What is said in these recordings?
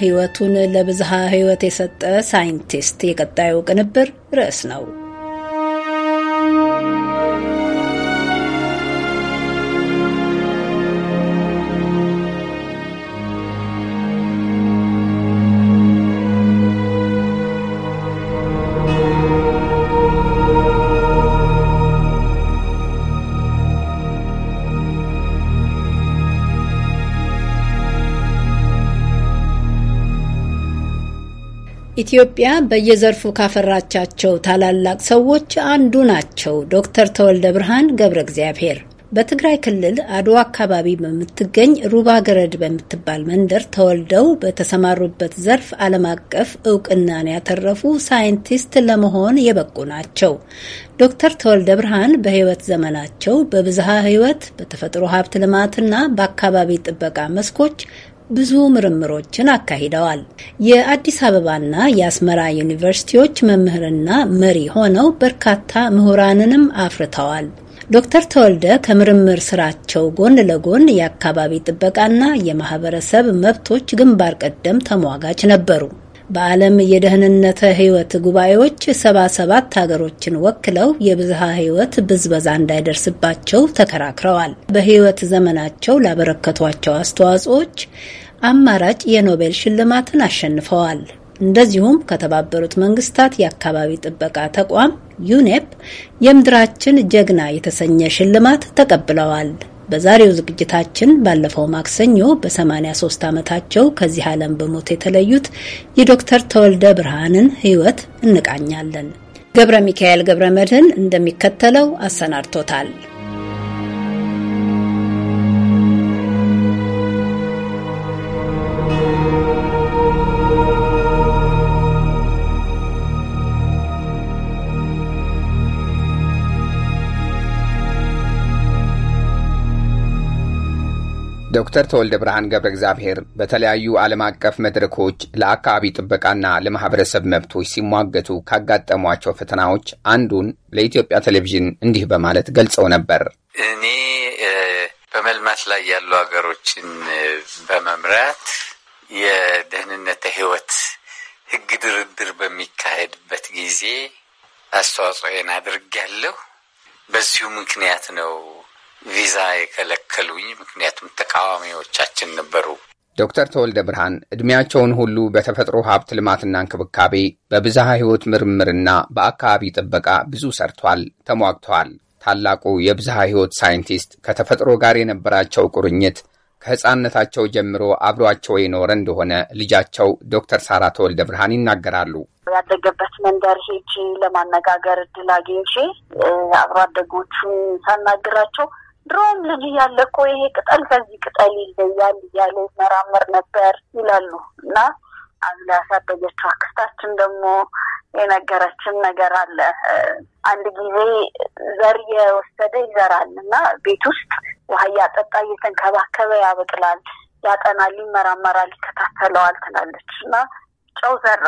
ህይወቱን ለብዝሃ ህይወት የሰጠ ሳይንቲስት የቀጣዩ ቅንብር ርዕስ ነው። ኢትዮጵያ በየዘርፉ ካፈራቻቸው ታላላቅ ሰዎች አንዱ ናቸው ዶክተር ተወልደ ብርሃን ገብረ እግዚአብሔር። በትግራይ ክልል አድዋ አካባቢ በምትገኝ ሩባ ገረድ በምትባል መንደር ተወልደው በተሰማሩበት ዘርፍ ዓለም አቀፍ እውቅናን ያተረፉ ሳይንቲስት ለመሆን የበቁ ናቸው። ዶክተር ተወልደ ብርሃን በህይወት ዘመናቸው በብዝሃ ህይወት፣ በተፈጥሮ ሀብት ልማትና በአካባቢ ጥበቃ መስኮች ብዙ ምርምሮችን አካሂደዋል። የአዲስ አበባና የአስመራ ዩኒቨርሲቲዎች መምህርና መሪ ሆነው በርካታ ምሁራንንም አፍርተዋል። ዶክተር ተወልደ ከምርምር ስራቸው ጎን ለጎን የአካባቢ ጥበቃና የማህበረሰብ መብቶች ግንባር ቀደም ተሟጋች ነበሩ። በዓለም የደህንነት ሕይወት ጉባኤዎች ሰባ ሰባት ሀገሮችን ወክለው የብዝሃ ሕይወት ብዝበዛ እንዳይደርስባቸው ተከራክረዋል። በህይወት ዘመናቸው ላበረከቷቸው አስተዋጽኦዎች አማራጭ የኖቤል ሽልማትን አሸንፈዋል። እንደዚሁም ከተባበሩት መንግስታት የአካባቢ ጥበቃ ተቋም ዩኔፕ የምድራችን ጀግና የተሰኘ ሽልማት ተቀብለዋል። በዛሬው ዝግጅታችን ባለፈው ማክሰኞ በ83 ዓመታቸው ከዚህ ዓለም በሞት የተለዩት የዶክተር ተወልደ ብርሃንን ሕይወት እንቃኛለን። ገብረ ሚካኤል ገብረ መድህን እንደሚከተለው አሰናድቶታል። ዶክተር ተወልደ ብርሃን ገብረ እግዚአብሔር በተለያዩ ዓለም አቀፍ መድረኮች ለአካባቢ ጥበቃና ለማህበረሰብ መብቶች ሲሟገቱ ካጋጠሟቸው ፈተናዎች አንዱን ለኢትዮጵያ ቴሌቪዥን እንዲህ በማለት ገልጸው ነበር። እኔ በመልማት ላይ ያሉ ሀገሮችን በመምራት የደህንነት ህይወት ህግ ድርድር በሚካሄድበት ጊዜ አስተዋጽኦን አድርጌያለሁ። በዚሁ ምክንያት ነው ቪዛ የከለከሉኝ ምክንያቱም ተቃዋሚዎቻችን ነበሩ። ዶክተር ተወልደ ብርሃን ዕድሜያቸውን ሁሉ በተፈጥሮ ሀብት ልማትና እንክብካቤ፣ በብዝሃ ሕይወት ምርምርና በአካባቢ ጥበቃ ብዙ ሰርቷል፣ ተሟግተዋል። ታላቁ የብዝሃ ሕይወት ሳይንቲስት ከተፈጥሮ ጋር የነበራቸው ቁርኝት ከሕፃንነታቸው ጀምሮ አብሯቸው የኖረ እንደሆነ ልጃቸው ዶክተር ሳራ ተወልደ ብርሃን ይናገራሉ። ያደገበት መንደር ሄጄ ለማነጋገር እድል አግኝቼ አብሮ አደጎቹን ሳናግራቸው ድሮም ልጅ እያለ እኮ ይሄ ቅጠል ከዚህ ቅጠል ይለያል እያለ ይመራመር ነበር ይላሉ እና አብላ ያሳደገችው አክስታችን ደግሞ የነገረችን ነገር አለ። አንድ ጊዜ ዘር የወሰደ ይዘራል እና ቤት ውስጥ ውሃ እያጠጣ እየተንከባከበ ያበቅላል፣ ያጠናል፣ ይመራመራል፣ ይከታተለዋል ትላለች እና ጨው ዘራ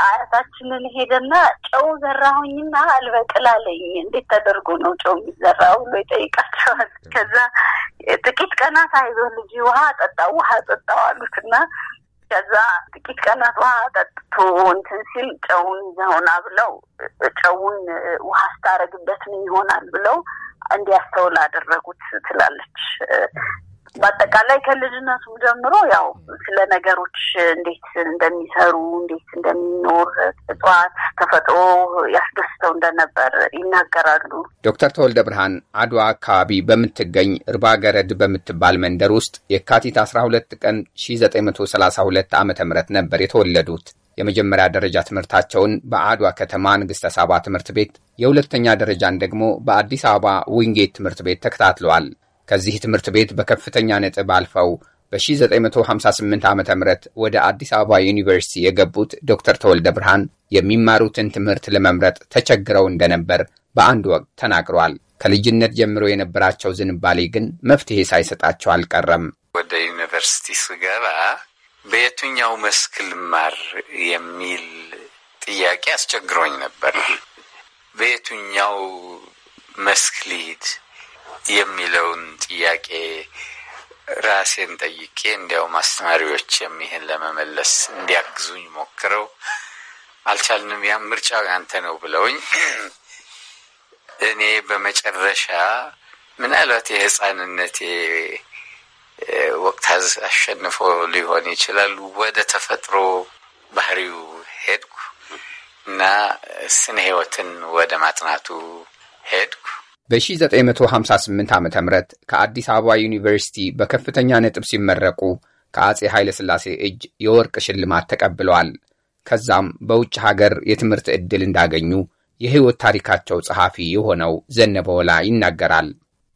አያታችንን ሄደና ጨው ዘራሁኝና አልበቅላለኝ እንዴት ተደርጎ ነው ጨው የሚዘራ ብሎ ይጠይቃቸዋል። ከዛ ጥቂት ቀናት አይዞህ ልጅ ውሃ ጠጣው ውሃ ጠጣው አሉትና ከዛ ጥቂት ቀናት ውሃ ጠጥቶ እንትን ሲል ጨውን ይዘውና ብለው ጨውን ውሃ ስታረግበት ምን ይሆናል ብለው እንዲያስተውል አደረጉት ትላለች። በአጠቃላይ ከልጅነቱ ጀምሮ ያው ስለ ነገሮች እንዴት እንደሚሰሩ እንዴት እንደሚኖር እጽዋት፣ ተፈጥሮ ያስደስተው እንደነበር ይናገራሉ። ዶክተር ተወልደ ብርሃን አድዋ አካባቢ በምትገኝ እርባ ገረድ በምትባል መንደር ውስጥ የካቲት አስራ ሁለት ቀን ሺ ዘጠኝ መቶ ሰላሳ ሁለት ነበር የተወለዱት። የመጀመሪያ ደረጃ ትምህርታቸውን በአድዋ ከተማ ንግሥተ ሳባ ትምህርት ቤት፣ የሁለተኛ ደረጃን ደግሞ በአዲስ አበባ ዊንጌት ትምህርት ቤት ተከታትለዋል። ከዚህ ትምህርት ቤት በከፍተኛ ነጥብ አልፈው በ1958 ዓ ም ወደ አዲስ አበባ ዩኒቨርሲቲ የገቡት ዶክተር ተወልደ ብርሃን የሚማሩትን ትምህርት ለመምረጥ ተቸግረው እንደነበር በአንድ ወቅት ተናግሯል። ከልጅነት ጀምሮ የነበራቸው ዝንባሌ ግን መፍትሄ ሳይሰጣቸው አልቀረም። ወደ ዩኒቨርሲቲ ስገባ በየትኛው መስክ ልማር የሚል ጥያቄ አስቸግሮኝ ነበር። በየትኛው መስክ ልሂድ የሚለውን ጥያቄ ራሴን ጠይቄ እንዲያውም አስተማሪዎች ይህን ለመመለስ እንዲያግዙኝ ሞክረው አልቻልንም። ያም ምርጫው ያንተ ነው ብለውኝ እኔ በመጨረሻ ምናልባት የህፃንነቴ ወቅት አሸንፎ ሊሆን ይችላሉ ወደ ተፈጥሮ ባህሪው ሄድኩ እና ስነ ህይወትን ወደ ማጥናቱ ሄድኩ። በ1958 ዓ ም ከአዲስ አበባ ዩኒቨርሲቲ በከፍተኛ ነጥብ ሲመረቁ ከአጼ ኃይለሥላሴ እጅ የወርቅ ሽልማት ተቀብለዋል። ከዛም በውጭ ሀገር የትምህርት ዕድል እንዳገኙ የሕይወት ታሪካቸው ጸሐፊ የሆነው ዘነበወላ ይናገራል።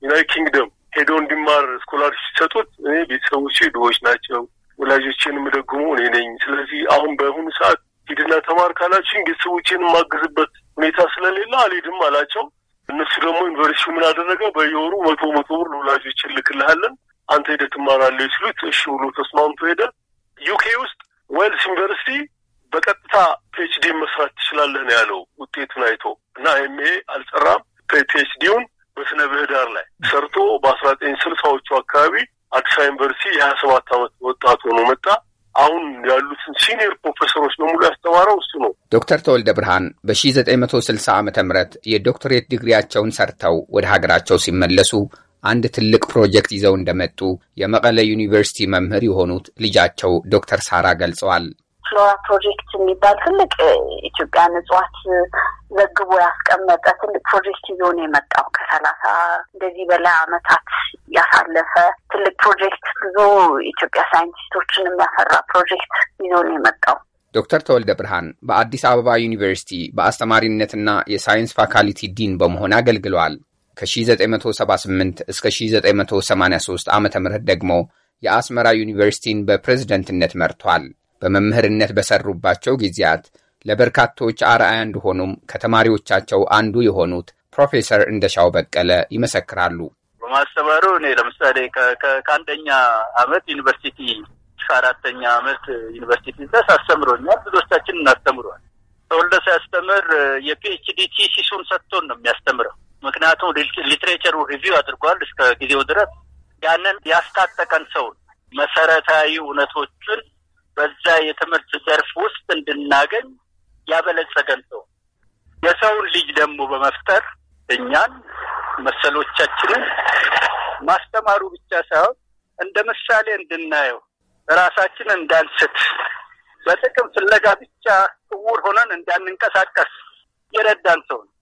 ዩናይት ኪንግደም ሄዶ እንዲማር ስኮላርሽ ሲሰጡት እኔ ቤተሰቦቼ ድሆች ናቸው፣ ወላጆችን የምደግሙ እኔ ነኝ። ስለዚህ አሁን በአሁኑ ሰዓት ሂድና ተማር ካላችን ቤተሰቦችን የማግዝበት ሁኔታ ስለሌለ አልሄድም አላቸው። እነሱ ደግሞ ዩኒቨርሲቲው ምን አደረገ በየወሩ መቶ መቶ ብር ለወላጆች እልክልሃለን አንተ ሄደህ ትማራለህ ሲሉት እሺ ብሎ ተስማምቶ ሄደ። ዩኬ ውስጥ ዌልስ ዩኒቨርሲቲ በቀጥታ ፒኤችዲ መስራት ትችላለህ ነው ያለው ውጤቱን አይቶ እና ኤምኤ አልጸራም። ፒኤችዲውን በስነ ብህዳር ላይ ሰርቶ በአስራ ዘጠኝ ስልሳዎቹ አካባቢ አዲስ ዩኒቨርሲቲ የሀያ ሰባት አመት ወጣት ሆኖ መጣ። አሁን ያሉትን ሲኒየር ፕሮፌሰሮች በሙሉ ያስተማረው እሱ ነው። ዶክተር ተወልደ ብርሃን በ1960 ዓ ም የዶክትሬት ዲግሪያቸውን ሰርተው ወደ ሀገራቸው ሲመለሱ አንድ ትልቅ ፕሮጀክት ይዘው እንደመጡ የመቀለ ዩኒቨርሲቲ መምህር የሆኑት ልጃቸው ዶክተር ሳራ ገልጸዋል። ፍሎራ ፕሮጀክት የሚባል ትልቅ ኢትዮጵያን እጽዋት ዘግቦ ያስቀመጠ ትልቅ ፕሮጀክት ይዞ ነው የመጣው። ከሰላሳ እንደዚህ በላይ አመታት ያሳለፈ ትልቅ ፕሮጀክት ብዙ ኢትዮጵያ ሳይንቲስቶችን የሚያፈራ ፕሮጀክት ይዞ ነው የመጣው። ዶክተር ተወልደ ብርሃን በአዲስ አበባ ዩኒቨርሲቲ በአስተማሪነትና የሳይንስ ፋካልቲ ዲን በመሆን አገልግለዋል። ከ1978 እስከ 1983 ዓ ም ደግሞ የአስመራ ዩኒቨርሲቲን በፕሬዝደንትነት መርቷል። በመምህርነት በሰሩባቸው ጊዜያት ለበርካቶች አርአያ እንደሆኑም ከተማሪዎቻቸው አንዱ የሆኑት ፕሮፌሰር እንደሻው በቀለ ይመሰክራሉ። በማስተማሩ እኔ ለምሳሌ ከአንደኛ አመት ዩኒቨርሲቲ ከአራተኛ አመት ዩኒቨርሲቲ ድረስ አስተምሮኛል። ብዙዎቻችን እናስተምሯል። ተወልደ ሲያስተምር የፒኤችዲ ቲሲሱን ሰጥቶን ነው የሚያስተምረው። ምክንያቱም ሊትሬቸሩ ሪቪው አድርጓል እስከ ጊዜው ድረስ ያንን ያስታጠቀን ሰውን መሰረታዊ እውነቶችን በዛ የትምህርት ዘርፍ ውስጥ እንድናገኝ ያበለጸገን ሰው የሰውን ልጅ ደግሞ በመፍጠር እኛን መሰሎቻችንን ማስተማሩ ብቻ ሳይሆን እንደ ምሳሌ እንድናየው ራሳችን እንዳንስት በጥቅም ፍለጋ ብቻ እውር ሆነን እንዳንንቀሳቀስ የረዳን ሰው ነው።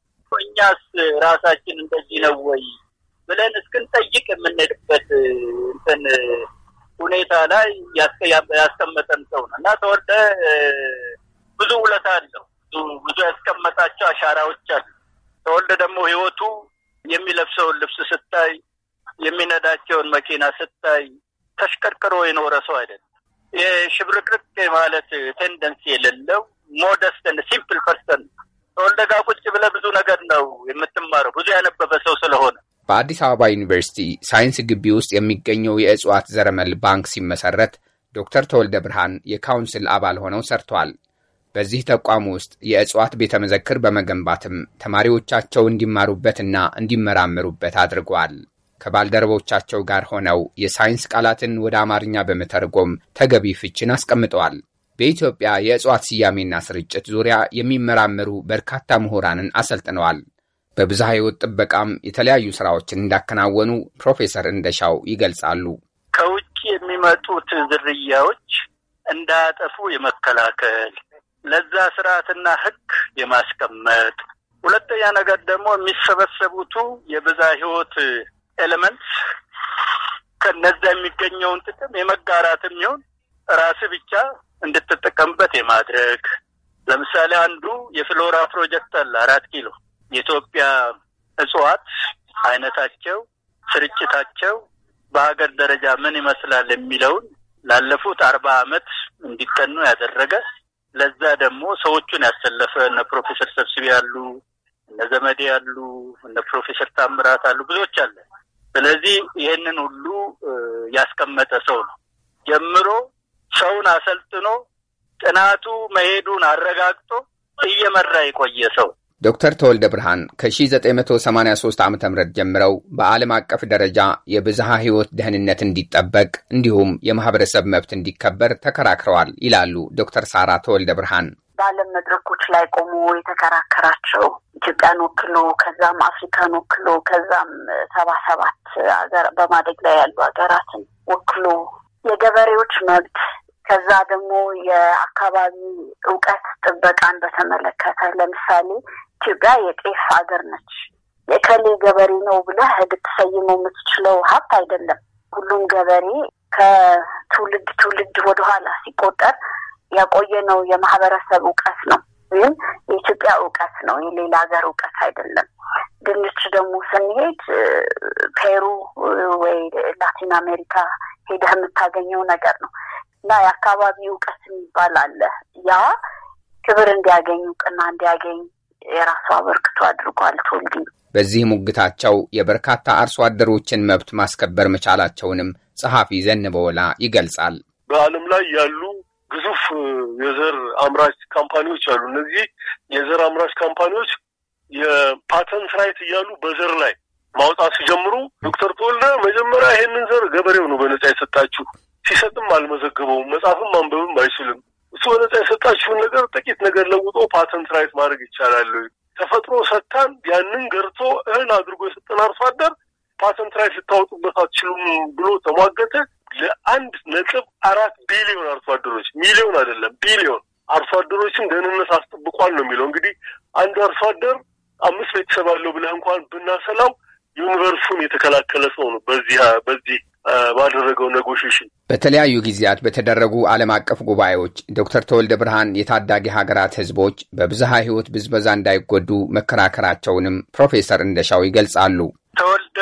እኛስ ራሳችን እንደዚህ ነው ወይ ብለን እስክንጠይቅ የምንሄድበት እንትን ሁኔታ ላይ ያስቀመጠን ሰው ነው እና ተወልደ ብዙ ውለታ አለው። ብዙ ያስቀመጣቸው አሻራዎች አሉ። ተወልደ ደግሞ ህይወቱ የሚለብሰውን ልብስ ስታይ፣ የሚነዳቸውን መኪና ስታይ ተሽቀርቅሮ የኖረ ሰው አይደለም። የሽብርቅርቅ ማለት ቴንደንሲ የሌለው ሞደስትን ሲምፕል ፐርሰን ተወልደ ጋ ቁጭ ብለህ ብዙ ነገር ነው የምትማረው ብዙ ያነበበ ሰው ስለሆነ በአዲስ አበባ ዩኒቨርሲቲ ሳይንስ ግቢ ውስጥ የሚገኘው የእጽዋት ዘረመል ባንክ ሲመሰረት ዶክተር ተወልደ ብርሃን የካውንስል አባል ሆነው ሰርተዋል። በዚህ ተቋም ውስጥ የእጽዋት ቤተ መዘክር በመገንባትም ተማሪዎቻቸው እንዲማሩበትና እንዲመራመሩበት አድርጓል። ከባልደረቦቻቸው ጋር ሆነው የሳይንስ ቃላትን ወደ አማርኛ በመተርጎም ተገቢ ፍችን አስቀምጠዋል። በኢትዮጵያ የእጽዋት ስያሜና ስርጭት ዙሪያ የሚመራመሩ በርካታ ምሁራንን አሰልጥነዋል። በብዝሃ ሕይወት ጥበቃም የተለያዩ ስራዎችን እንዳከናወኑ ፕሮፌሰር እንደሻው ይገልጻሉ። ከውጭ የሚመጡት ዝርያዎች እንዳያጠፉ የመከላከል ለዛ ስርዓትና ህግ የማስቀመጥ ሁለተኛ ነገር ደግሞ የሚሰበሰቡቱ የብዛ ህይወት ኤሌመንት ከነዛ የሚገኘውን ጥቅም የመጋራት የሚሆን ራስ ብቻ እንድትጠቀምበት የማድረግ ለምሳሌ አንዱ የፍሎራ ፕሮጀክት አለ አራት ኪሎ የኢትዮጵያ እጽዋት አይነታቸው፣ ስርጭታቸው በሀገር ደረጃ ምን ይመስላል የሚለውን ላለፉት አርባ አመት እንዲጠኑ ያደረገ ለዛ ደግሞ ሰዎቹን ያሰለፈ እነ ፕሮፌሰር ሰብስቤ ያሉ እነ ዘመዴ ያሉ እነ ፕሮፌሰር ታምራት አሉ ብዙዎች አለ። ስለዚህ ይህንን ሁሉ ያስቀመጠ ሰው ነው ጀምሮ ሰውን አሰልጥኖ ጥናቱ መሄዱን አረጋግጦ እየመራ የቆየ ሰው ዶክተር ተወልደ ብርሃን ከ1983 ዓ ም ጀምረው በዓለም አቀፍ ደረጃ የብዝሃ ሕይወት ደህንነት እንዲጠበቅ እንዲሁም የማህበረሰብ መብት እንዲከበር ተከራክረዋል ይላሉ ዶክተር ሳራ ተወልደ ብርሃን። በዓለም መድረኮች ላይ ቆሞ የተከራከራቸው ኢትዮጵያን ወክሎ ከዛም አፍሪካን ወክሎ ከዛም ሰባ ሰባት ሀገር በማደግ ላይ ያሉ ሀገራትን ወክሎ የገበሬዎች መብት ከዛ ደግሞ የአካባቢ እውቀት ጥበቃን በተመለከተ ለምሳሌ ኢትዮጵያ የጤፍ ሀገር ነች። የከሌ ገበሬ ነው ብለህ ልትሰይመው የምትችለው ሀብት አይደለም። ሁሉም ገበሬ ከትውልድ ትውልድ ወደኋላ ሲቆጠር ያቆየነው የማህበረሰብ እውቀት ነው ወይም የኢትዮጵያ እውቀት ነው፣ የሌላ ሀገር እውቀት አይደለም። ድንች ደግሞ ስንሄድ ፔሩ ወይ ላቲን አሜሪካ ሄደህ የምታገኘው ነገር ነው እና የአካባቢ እውቀት የሚባል አለ። ያ ክብር እንዲያገኝ እውቅና እንዲያገኝ የራሱ አበርክቶ አድርጓል። ቶልዲ በዚህ ሙግታቸው የበርካታ አርሶ አደሮችን መብት ማስከበር መቻላቸውንም ጸሐፊ ዘንበወላ ይገልጻል። በዓለም ላይ ያሉ ግዙፍ የዘር አምራች ካምፓኒዎች አሉ። እነዚህ የዘር አምራች ካምፓኒዎች የፓተንት ራይት እያሉ በዘር ላይ ማውጣት ሲጀምሩ ዶክተር ተወልደ መጀመሪያ ይሄንን ዘር ገበሬው ነው በነጻ የሰጣችሁ ሲሰጥም አልመዘገበውም፣ መጽሐፍም አንበብም አይችልም እሱ በነጻ የሰጣችሁን ነገር ጥቂት ነገር ለውጦ ፓተንት ራይት ማድረግ ይቻላል። ተፈጥሮ ሰጥታን ያንን ገርቶ እህል አድርጎ የሰጠን አርሶ አደር ፓተንት ራይት ልታወጡበት አትችሉም ብሎ ተሟገተ። ለአንድ ነጥብ አራት ቢሊዮን አርሶ አደሮች ሚሊዮን አይደለም ቢሊዮን አርሶ አደሮችን ደህንነት አስጠብቋል ነው የሚለው። እንግዲህ አንድ አርሶ አደር አምስት ቤተሰብ አለው ብለህ እንኳን ብናሰላው ዩኒቨርሱን የተከላከለ ሰው ነው በዚህ በዚህ ባደረገው ኔጎሽሽን በተለያዩ ጊዜያት በተደረጉ ዓለም አቀፍ ጉባኤዎች ዶክተር ተወልደ ብርሃን የታዳጊ ሀገራት ህዝቦች በብዝሃ ህይወት ብዝበዛ እንዳይጎዱ መከራከራቸውንም ፕሮፌሰር እንደሻው ይገልጻሉ። ተወልደ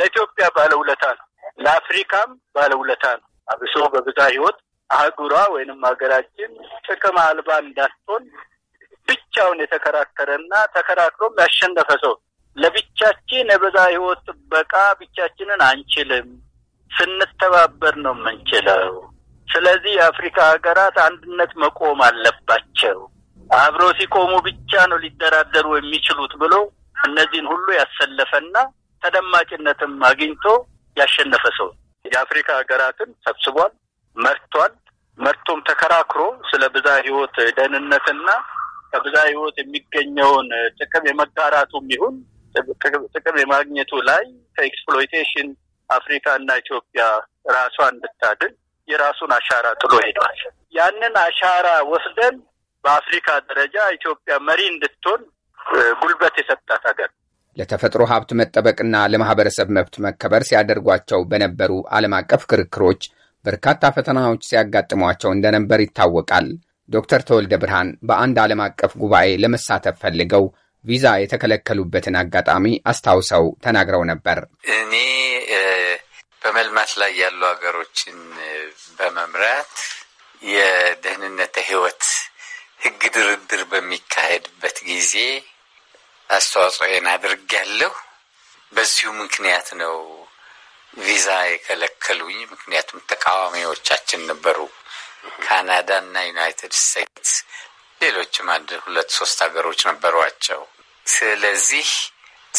ለኢትዮጵያ ባለውለታ ነው፣ ለአፍሪካም ባለውለታ ነው። አብሶ በብዝሃ ህይወት አህጉሯ ወይንም ሀገራችን ጥቅም አልባ እንዳትሆን ብቻውን የተከራከረና ተከራክሮም ያሸነፈ ሰው ለብቻችን የበዛ ህይወት ጥበቃ ብቻችንን አንችልም፣ ስንተባበር ነው የምንችለው። ስለዚህ የአፍሪካ ሀገራት አንድነት መቆም አለባቸው። አብረው ሲቆሙ ብቻ ነው ሊደራደሩ የሚችሉት ብሎ እነዚህን ሁሉ ያሰለፈና ተደማጭነትም አግኝቶ ያሸነፈ ሰው የአፍሪካ ሀገራትን ሰብስቧል፣ መርቷል። መርቶም ተከራክሮ ስለ ብዛ ህይወት ደህንነትና ከብዛ ህይወት የሚገኘውን ጥቅም የመጋራቱም ይሁን ጥቅም የማግኘቱ ላይ ከኤክስፕሎይቴሽን አፍሪካ እና ኢትዮጵያ ራሷን እንድታድል የራሱን አሻራ ጥሎ ሄዷል። ያንን አሻራ ወስደን በአፍሪካ ደረጃ ኢትዮጵያ መሪ እንድትሆን ጉልበት የሰጣት ሀገር ለተፈጥሮ ሀብት መጠበቅና ለማህበረሰብ መብት መከበር ሲያደርጓቸው በነበሩ ዓለም አቀፍ ክርክሮች በርካታ ፈተናዎች ሲያጋጥሟቸው እንደነበር ይታወቃል። ዶክተር ተወልደ ብርሃን በአንድ ዓለም አቀፍ ጉባኤ ለመሳተፍ ፈልገው ቪዛ የተከለከሉበትን አጋጣሚ አስታውሰው ተናግረው ነበር። እኔ በመልማት ላይ ያሉ ሀገሮችን በመምራት የደህንነት ህይወት ህግ ድርድር በሚካሄድበት ጊዜ አስተዋጽኦን አድርጌያለሁ። በዚሁ ምክንያት ነው ቪዛ የከለከሉኝ። ምክንያቱም ተቃዋሚዎቻችን ነበሩ፣ ካናዳ እና ዩናይትድ ስቴትስ ሌሎችም አንድ ሁለት ሶስት ሀገሮች ነበሯቸው። ስለዚህ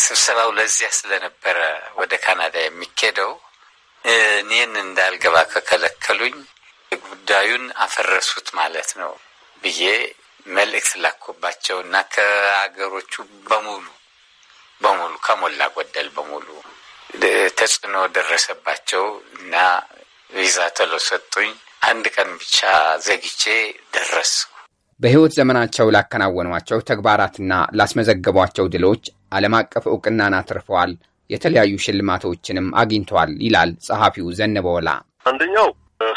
ስብሰባው ለዚያ ስለነበረ ወደ ካናዳ የሚኬደው እኔን እንዳልገባ ከከለከሉኝ ጉዳዩን አፈረሱት ማለት ነው ብዬ መልእክት ላኮባቸው እና ከሀገሮቹ በሙሉ በሙሉ ከሞላ ጎደል በሙሉ ተጽዕኖ ደረሰባቸው እና ቪዛ ተሎ ሰጡኝ። አንድ ቀን ብቻ ዘግቼ ደረስኩ። በሕይወት ዘመናቸው ላከናወኗቸው ተግባራትና ላስመዘገቧቸው ድሎች ዓለም አቀፍ እውቅናን አትርፈዋል፣ የተለያዩ ሽልማቶችንም አግኝተዋል ይላል ጸሐፊው ዘነበወላ። አንደኛው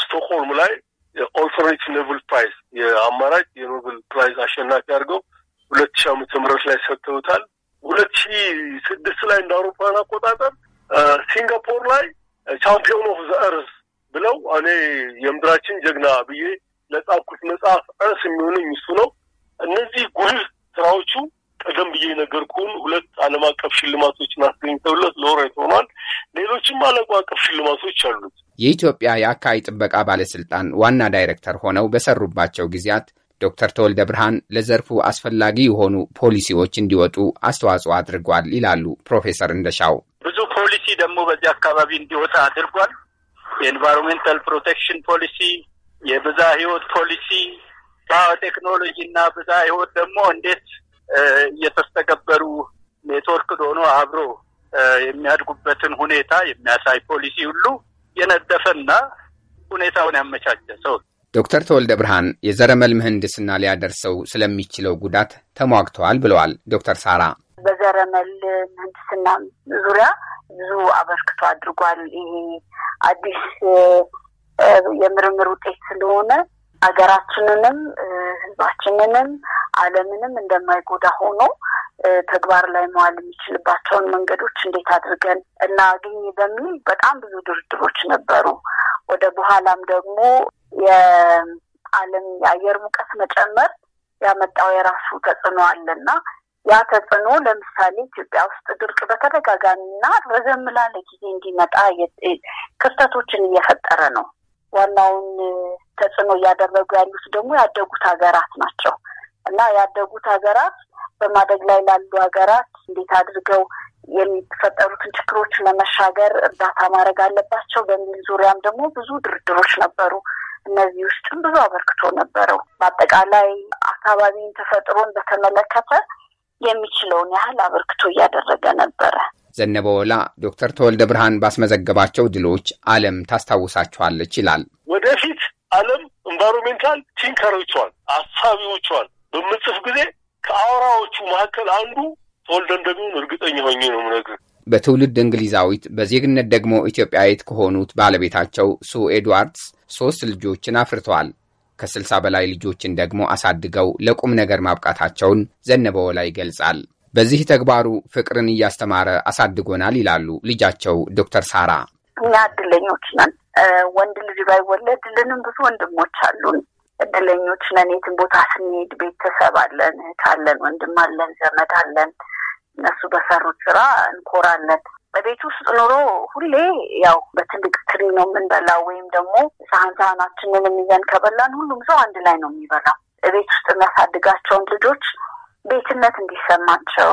ስቶክሆልም ላይ የኦልተርኔት ኖብል ፕራይዝ የአማራጭ የኖብል ፕራይዝ አሸናፊ አድርገው ሁለት ሺ ዓመተ ምህረት ላይ ሰጥተውታል። ሁለት ሺ ስድስት ላይ እንደ አውሮፓን አቆጣጠር ሲንጋፖር ላይ ቻምፒዮን ኦፍ ዘ እርዝ ብለው እኔ የምድራችን ጀግና ብዬ ለጻፍኩት መጽሐፍ እርስ የሚሆነኝ እሱ ነው። እነዚህ ጉልህ ስራዎቹ ቀደም ብዬ ነገርኩን ሁለት ዓለም አቀፍ ሽልማቶችን አስገኝተውለት ሎሬት ሆኗል። ሌሎችም ዓለም አቀፍ ሽልማቶች አሉት። የኢትዮጵያ የአካባቢ ጥበቃ ባለስልጣን ዋና ዳይሬክተር ሆነው በሰሩባቸው ጊዜያት ዶክተር ተወልደ ብርሃን ለዘርፉ አስፈላጊ የሆኑ ፖሊሲዎች እንዲወጡ አስተዋጽኦ አድርጓል ይላሉ ፕሮፌሰር እንደሻው። ብዙ ፖሊሲ ደግሞ በዚህ አካባቢ እንዲወጣ አድርጓል። የኤንቫይሮንሜንታል ፕሮቴክሽን ፖሊሲ የብዛ ህይወት ፖሊሲ ባዮቴክኖሎጂ እና ብዛ ህይወት ደግሞ እንዴት እየተስተገበሩ ኔትወርክ ዶኖ አብሮ የሚያድጉበትን ሁኔታ የሚያሳይ ፖሊሲ ሁሉ የነደፈና ሁኔታውን ያመቻቸ ሰው ዶክተር ተወልደ ብርሃን የዘረመል ምህንድስና ሊያደርሰው ስለሚችለው ጉዳት ተሟግተዋል ብለዋል። ዶክተር ሳራ በዘረመል ምህንድስና ዙሪያ ብዙ አበርክቶ አድርጓል። ይሄ አዲስ የምርምር ውጤት ስለሆነ ሀገራችንንም ሕዝባችንንም ዓለምንም እንደማይጎዳ ሆኖ ተግባር ላይ መዋል የሚችልባቸውን መንገዶች እንዴት አድርገን እናገኝ በሚል በጣም ብዙ ድርድሮች ነበሩ። ወደ በኋላም ደግሞ የዓለም የአየር ሙቀት መጨመር ያመጣው የራሱ ተጽዕኖ አለና ያ ተጽዕኖ ለምሳሌ ኢትዮጵያ ውስጥ ድርቅ በተደጋጋሚና ረዘም ላለ ጊዜ እንዲመጣ ክፍተቶችን እየፈጠረ ነው። ዋናውን ተጽዕኖ እያደረጉ ያሉት ደግሞ ያደጉት ሀገራት ናቸው እና ያደጉት ሀገራት በማደግ ላይ ላሉ ሀገራት እንዴት አድርገው የሚፈጠሩትን ችግሮች ለመሻገር እርዳታ ማድረግ አለባቸው በሚል ዙሪያም ደግሞ ብዙ ድርድሮች ነበሩ። እነዚህ ውስጥም ብዙ አበርክቶ ነበረው። በአጠቃላይ አካባቢን፣ ተፈጥሮን በተመለከተ የሚችለውን ያህል አበርክቶ እያደረገ ነበረ። ወላ ዶክተር ተወልደ ብርሃን ባስመዘገባቸው ድሎች ዓለም ታስታውሳቸዋለች ይላል። ወደፊት ዓለም ኤንቫይሮሜንታል ቲንከሮቿን አሳቢዎቿን በምጽፍ ጊዜ ከአውራዎቹ መካከል አንዱ ተወልደ እንደሚሆን እርግጠኛ ሆኜ ነው ምነግር በትውልድ እንግሊዛዊት በዜግነት ደግሞ ኢትዮጵያዊት ከሆኑት ባለቤታቸው ሱ ኤድዋርድስ ሶስት ልጆችን አፍርተዋል። ከስልሳ በላይ ልጆችን ደግሞ አሳድገው ለቁም ነገር ማብቃታቸውን ዘነበወላ ይገልጻል። በዚህ ተግባሩ ፍቅርን እያስተማረ አሳድጎናል ይላሉ ልጃቸው ዶክተር ሳራ። እኛ እድለኞች ነን። ወንድ ልጅ ባይወለድልንም ብዙ ወንድሞች አሉን። እድለኞች ነን። የትን ቦታ ስንሄድ ቤተሰብ አለን፣ እህት አለን፣ ወንድም አለን፣ ዘመድ አለን። እነሱ በሰሩት ስራ እንኮራለን። በቤት ውስጥ ኑሮ ሁሌ ያው በትልቅ ትሪ ነው የምንበላው፣ ወይም ደግሞ ሳህን ሳህናችንን የሚዘን ከበላን ሁሉም ሰው አንድ ላይ ነው የሚበላው። ቤት ውስጥ የሚያሳድጋቸውን ልጆች ቤትነት እንዲሰማቸው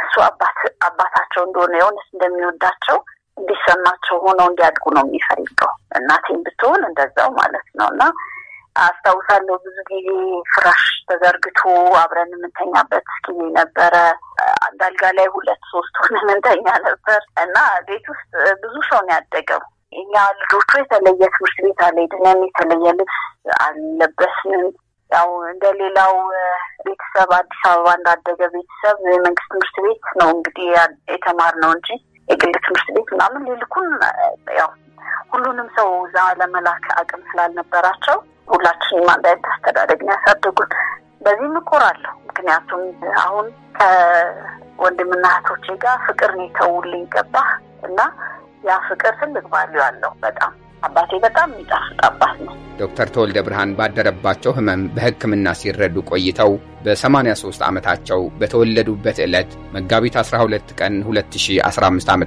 እሱ አባት አባታቸው እንደሆነ የእውነት እንደሚወዳቸው እንዲሰማቸው ሆነው እንዲያድጉ ነው የሚፈልገው። እናቴም ብትሆን እንደዛው ማለት ነው እና አስታውሳለሁ ብዙ ጊዜ ፍራሽ ተዘርግቶ አብረን የምንተኛበት ጊዜ ነበረ። አንድ አልጋ ላይ ሁለት ሶስት ሆነን የምንተኛ ነበር እና ቤት ውስጥ ብዙ ሰው ነው ያደገው። እኛ ልጆቹ የተለየ ትምህርት ቤት አልሄድንም፣ የተለየ ልብስ አልለበስንም። ያው እንደ ሌላው ቤተሰብ አዲስ አበባ እንዳደገ ቤተሰብ የመንግስት ትምህርት ቤት ነው እንግዲህ ነው እንጂ የግል ትምህርት ቤት ምናምን ሊልኩን ያው ሁሉንም ሰው እዛ ለመላክ አቅም ስላልነበራቸው ሁላችንም አንድ አይነት አስተዳደግ ነው ያሳደጉን። በዚህም እኮራለሁ። ምክንያቱም አሁን ከወንድምና እህቶቼ ጋር ፍቅር ነው የተውልኝ ገባህ እና ያ ፍቅር ትልቅ ቫልዩ አለው በጣም አባቴ በጣም የሚጣፍጥ አባት ነው። ዶክተር ተወልደ ብርሃን ባደረባቸው ህመም በሕክምና ሲረዱ ቆይተው በ83 ዓመታቸው በተወለዱበት ዕለት መጋቢት 12 ቀን 2015 ዓ ም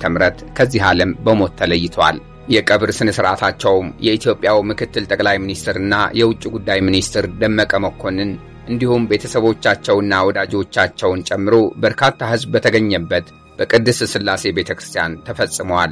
ከዚህ ዓለም በሞት ተለይተዋል። የቀብር ስነ ሥርዓታቸውም የኢትዮጵያው ምክትል ጠቅላይ ሚኒስትርና የውጭ ጉዳይ ሚኒስትር ደመቀ መኮንን እንዲሁም ቤተሰቦቻቸውና ወዳጆቻቸውን ጨምሮ በርካታ ሕዝብ በተገኘበት በቅድስት ሥላሴ ቤተ ክርስቲያን ተፈጽመዋል።